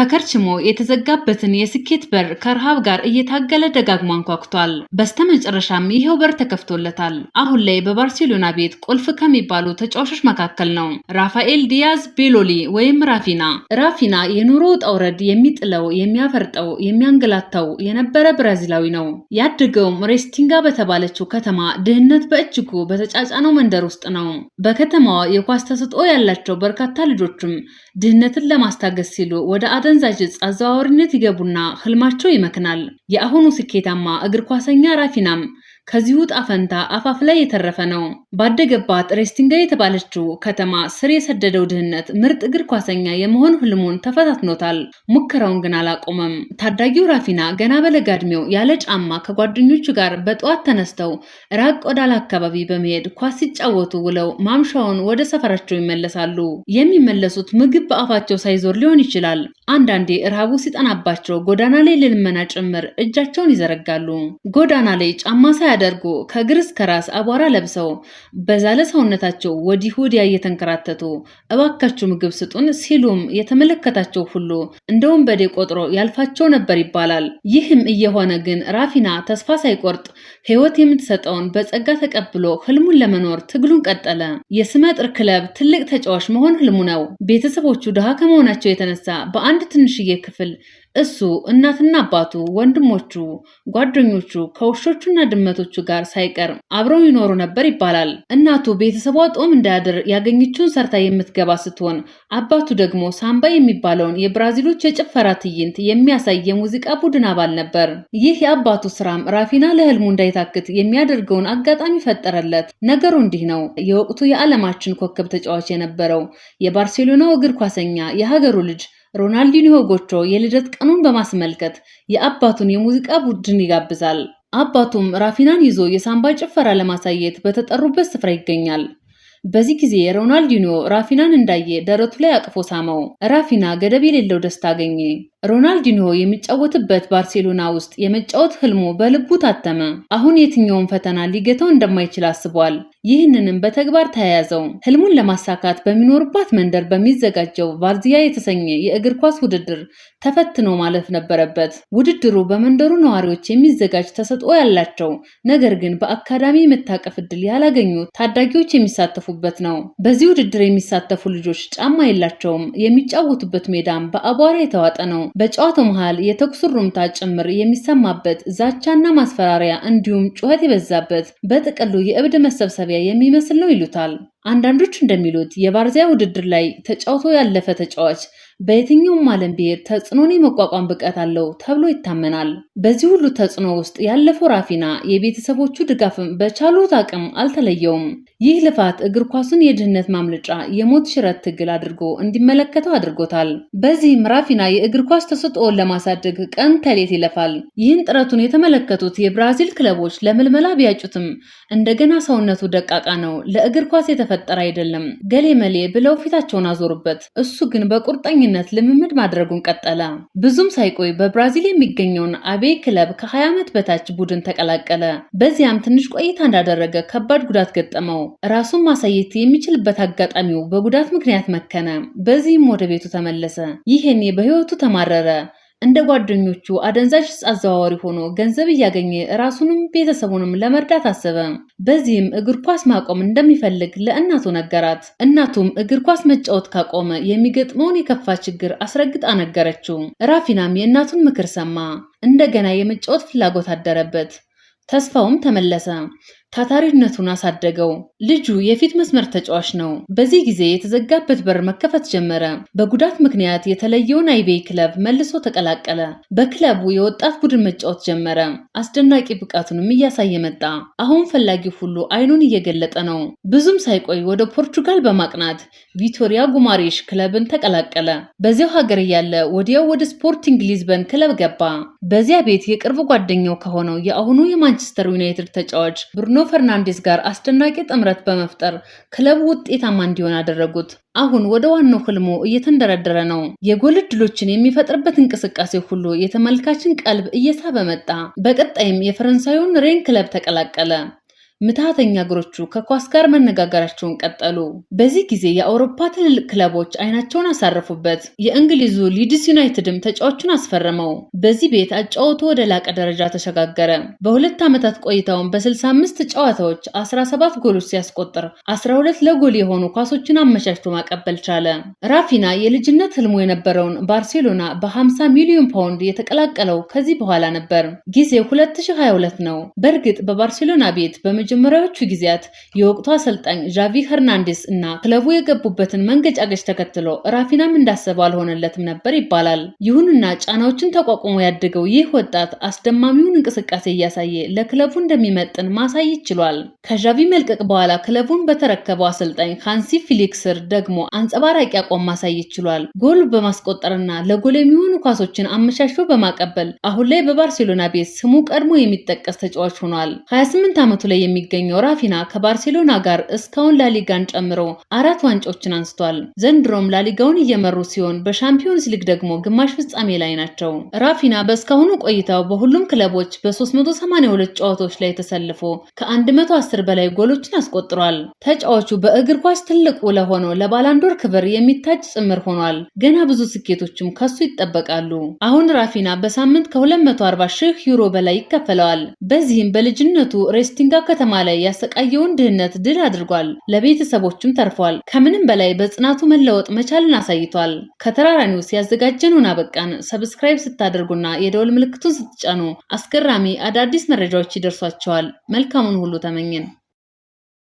ተከርችሞ የተዘጋበትን የስኬት በር ከረሃብ ጋር እየታገለ ደጋግሞ አንኳኩቷል። በስተመጨረሻም ይኸው በር ተከፍቶለታል። አሁን ላይ በባርሴሎና ቤት ቁልፍ ከሚባሉ ተጫዋቾች መካከል ነው። ራፋኤል ዲያዝ ቤሎሊ ወይም ራፊና። ራፊና የኑሮ ውጣ ውረድ የሚጥለው የሚያፈርጠው፣ የሚያንገላታው የነበረ ብራዚላዊ ነው። ያደገውም ሬስቲንጋ በተባለችው ከተማ ድህነት በእጅጉ በተጫጫነው መንደር ውስጥ ነው። በከተማዋ የኳስ ተሰጥኦ ያላቸው በርካታ ልጆችም ድህነትን ለማስታገስ ሲሉ ወደ አደ አደንዛዥ እጽ አዘዋወሪነት ይገቡና ህልማቸው ይመክናል። የአሁኑ ስኬታማ እግር ኳሰኛ ራፊናም ከዚሁ ጣፈንታ አፋፍ ላይ የተረፈ ነው። ባደገባት ሬስቲንጋ የተባለችው ከተማ ስር የሰደደው ድህነት ምርጥ እግር ኳሰኛ የመሆን ህልሙን ተፈታትኖታል። ሙከራውን ግን አላቆመም። ታዳጊው ራፊና ገና በለጋ እድሜው ያለ ጫማ ከጓደኞቹ ጋር በጠዋት ተነስተው ራቅ ወዳለ አካባቢ በመሄድ ኳስ ሲጫወቱ ውለው ማምሻውን ወደ ሰፈራቸው ይመለሳሉ። የሚመለሱት ምግብ በአፋቸው ሳይዞር ሊሆን ይችላል። አንዳንዴ ረሃቡ ሲጠናባቸው ጎዳና ላይ ለልመና ጭምር እጃቸውን ይዘረጋሉ። ጎዳና ላይ ጫማ ሳያ አድርጎ ከእግር እስከ ራስ አቧራ ለብሰው በዛለ ሰውነታቸው ወዲህ ወዲያ እየተንከራተቱ እባካችሁ ምግብ ስጡን ሲሉም የተመለከታቸው ሁሉ እንደውም በዴ ቆጥሮ ያልፋቸው ነበር ይባላል። ይህም እየሆነ ግን ራፊና ተስፋ ሳይቆርጥ ሕይወት የምትሰጠውን በጸጋ ተቀብሎ ህልሙን ለመኖር ትግሉን ቀጠለ። የስመጥር ክለብ ትልቅ ተጫዋች መሆን ህልሙ ነው። ቤተሰቦቹ ድሃ ከመሆናቸው የተነሳ በአንድ ትንሽዬ ክፍል እሱ እናትና አባቱ፣ ወንድሞቹ፣ ጓደኞቹ ከውሾቹና ድመቶቹ ጋር ሳይቀር አብረው ይኖሩ ነበር ይባላል። እናቱ ቤተሰቧ ጦም እንዳያድር ያገኘችውን ሰርታ የምትገባ ስትሆን አባቱ ደግሞ ሳምባ የሚባለውን የብራዚሎች የጭፈራ ትዕይንት የሚያሳይ የሙዚቃ ቡድን አባል ነበር። ይህ የአባቱ ስራም ራፊና ለህልሙ እንዳይታክት የሚያደርገውን አጋጣሚ ፈጠረለት። ነገሩ እንዲህ ነው። የወቅቱ የዓለማችን ኮከብ ተጫዋች የነበረው የባርሴሎናው እግር ኳሰኛ የሀገሩ ልጅ ሮናልዲኒሆ ጎቾ የልደት ቀኑን በማስመልከት የአባቱን የሙዚቃ ቡድን ይጋብዛል። አባቱም ራፊናን ይዞ የሳምባ ጭፈራ ለማሳየት በተጠሩበት ስፍራ ይገኛል። በዚህ ጊዜ ሮናልዲኒዮ ራፊናን እንዳየ ደረቱ ላይ አቅፎ ሳመው። ራፊና ገደብ የሌለው ደስታ አገኘ። ሮናልዲኖ የሚጫወትበት ባርሴሎና ውስጥ የመጫወት ህልሙ በልቡ ታተመ። አሁን የትኛውን ፈተና ሊገተው እንደማይችል አስቧል። ይህንንም በተግባር ተያያዘው። ህልሙን ለማሳካት በሚኖርባት መንደር በሚዘጋጀው ቫርዚያ የተሰኘ የእግር ኳስ ውድድር ተፈትኖ ማለፍ ነበረበት። ውድድሩ በመንደሩ ነዋሪዎች የሚዘጋጅ ተሰጥኦ ያላቸው ነገር ግን በአካዳሚ የመታቀፍ እድል ያላገኙ ታዳጊዎች የሚሳተፉበት ነው። በዚህ ውድድር የሚሳተፉ ልጆች ጫማ የላቸውም። የሚጫወቱበት ሜዳም በአቧራ የተዋጠ ነው። በጨዋታው መሃል የተኩስ ሩምታ ጭምር የሚሰማበት ዛቻና ማስፈራሪያ እንዲሁም ጩኸት የበዛበት በጥቅሉ የእብድ መሰብሰቢያ የሚመስል ነው ይሉታል። አንዳንዶች እንደሚሉት የባርዚያ ውድድር ላይ ተጫውቶ ያለፈ ተጫዋች በየትኛውም ዓለም ብሔር ተጽዕኖን የመቋቋም ብቃት አለው ተብሎ ይታመናል። በዚህ ሁሉ ተጽዕኖ ውስጥ ያለፈው ራፊና የቤተሰቦቹ ድጋፍም በቻሉት አቅም አልተለየውም። ይህ ልፋት እግር ኳሱን የድህነት ማምለጫ፣ የሞት ሽረት ትግል አድርጎ እንዲመለከተው አድርጎታል። በዚህም ራፊና የእግር ኳስ ተሰጥኦን ለማሳደግ ቀን ተሌት ይለፋል። ይህን ጥረቱን የተመለከቱት የብራዚል ክለቦች ለምልመላ ቢያጩትም እንደገና ሰውነቱ ደቃቃ ነው፣ ለእግር ኳስ የተፈጠረ አይደለም። ገሌ መሌ ብለው ፊታቸውን አዞሩበት። እሱ ግን በቁርጠኝነት ልምምድ ማድረጉን ቀጠለ። ብዙም ሳይቆይ በብራዚል የሚገኘውን አቤ ክለብ ከ20 ዓመት በታች ቡድን ተቀላቀለ። በዚያም ትንሽ ቆይታ እንዳደረገ ከባድ ጉዳት ገጠመው። ራሱን ማሳየት የሚችልበት አጋጣሚው በጉዳት ምክንያት መከነ። በዚህም ወደ ቤቱ ተመለሰ። ይሄኔ በህይወቱ ተማረረ። እንደ ጓደኞቹ አደንዛዥ ዕፅ አዘዋዋሪ ሆኖ ገንዘብ እያገኘ ራሱንም ቤተሰቡንም ለመርዳት አሰበ። በዚህም እግር ኳስ ማቆም እንደሚፈልግ ለእናቱ ነገራት። እናቱም እግር ኳስ መጫወት ካቆመ የሚገጥመውን የከፋ ችግር አስረግጣ ነገረችው። ራፊናም የእናቱን ምክር ሰማ። እንደገና የመጫወት ፍላጎት አደረበት። ተስፋውም ተመለሰ። ታታሪነቱን አሳደገው። ልጁ የፊት መስመር ተጫዋች ነው። በዚህ ጊዜ የተዘጋበት በር መከፈት ጀመረ። በጉዳት ምክንያት የተለየውን አይቤ ክለብ መልሶ ተቀላቀለ። በክለቡ የወጣት ቡድን መጫወት ጀመረ። አስደናቂ ብቃቱንም እያሳየ መጣ። አሁን ፈላጊው ሁሉ አይኑን እየገለጠ ነው። ብዙም ሳይቆይ ወደ ፖርቹጋል በማቅናት ቪቶሪያ ጉማሬሽ ክለብን ተቀላቀለ። በዚያው ሀገር እያለ ወዲያው ወደ ስፖርቲንግ ሊዝበን ክለብ ገባ። በዚያ ቤት የቅርብ ጓደኛው ከሆነው የአሁኑ የማንቸስተር ዩናይትድ ተጫዋች ብሩኖ ብሩኖ ፈርናንዴስ ጋር አስደናቂ ጥምረት በመፍጠር ክለቡ ውጤታማ እንዲሆን አደረጉት። አሁን ወደ ዋናው ህልሙ እየተንደረደረ ነው። የጎል እድሎችን የሚፈጥርበት እንቅስቃሴ ሁሉ የተመልካችን ቀልብ እየሳበ መጣ። በቀጣይም የፈረንሳዩን ሬን ክለብ ተቀላቀለ። ምታተኛ እግሮቹ ከኳስ ጋር መነጋገራቸውን ቀጠሉ። በዚህ ጊዜ የአውሮፓ ትልልቅ ክለቦች አይናቸውን አሳረፉበት። የእንግሊዙ ሊድስ ዩናይትድም ተጫዋቹን አስፈረመው። በዚህ ቤት አጫወቱ ወደ ላቀ ደረጃ ተሸጋገረ። በሁለት ዓመታት ቆይታውን በ65 ጨዋታዎች 17 ጎሎች ሲያስቆጥር 12 ለጎል የሆኑ ኳሶችን አመቻችቶ ማቀበል ቻለ። ራፊና የልጅነት ህልሙ የነበረውን ባርሴሎና በ50 ሚሊዮን ፓውንድ የተቀላቀለው ከዚህ በኋላ ነበር። ጊዜ 2022 ነው። በእርግጥ በባርሴሎና ቤት በመ በመጀመሪያዎቹ ጊዜያት የወቅቱ አሰልጣኝ ዣቪ ሄርናንዴስ እና ክለቡ የገቡበትን መንገጫገጭ ተከትሎ ራፊናም እንዳሰበው አልሆነለትም ነበር ይባላል። ይሁንና ጫናዎችን ተቋቁሞ ያደገው ይህ ወጣት አስደማሚውን እንቅስቃሴ እያሳየ ለክለቡ እንደሚመጥን ማሳየት ችሏል። ከዣቪ መልቀቅ በኋላ ክለቡን በተረከበው አሰልጣኝ ሃንሲ ፊሊክ ስር ደግሞ አንጸባራቂ አቋም ማሳየት ችሏል። ጎል በማስቆጠርና ለጎል የሚሆኑ ኳሶችን አመሻሾ በማቀበል አሁን ላይ በባርሴሎና ቤት ስሙ ቀድሞ የሚጠቀስ ተጫዋች ሆኗል። 28 ዓመቱ ላይ የሚ የሚገኘው ራፊና ከባርሴሎና ጋር እስካሁን ላሊጋን ጨምሮ አራት ዋንጫዎችን አንስቷል። ዘንድሮም ላሊጋውን እየመሩ ሲሆን በሻምፒዮንስ ሊግ ደግሞ ግማሽ ፍጻሜ ላይ ናቸው። ራፊና በእስካሁኑ ቆይታው በሁሉም ክለቦች በ382 ጨዋታዎች ላይ ተሰልፎ ከ110 በላይ ጎሎችን አስቆጥሯል። ተጫዋቹ በእግር ኳስ ትልቁ ለሆነው ለባላንዶር ክብር የሚታጭ ጭምር ሆኗል። ገና ብዙ ስኬቶችም ከሱ ይጠበቃሉ። አሁን ራፊና በሳምንት ከ240 ሺህ ዩሮ በላይ ይከፈለዋል። በዚህም በልጅነቱ ሬስቲንጋ ከተማ ከተማ ላይ ያሰቃየውን ድህነት ድል አድርጓል። ለቤተሰቦችም ተርፏል። ከምንም በላይ በጽናቱ መለወጥ መቻልን አሳይቷል። ከተራራ ኒውስ ያዘጋጀነውን አበቃን። ሰብስክራይብ ስታደርጉና የደወል ምልክቱን ስትጫኑ አስገራሚ አዳዲስ መረጃዎች ይደርሷቸዋል። መልካሙን ሁሉ ተመኝን።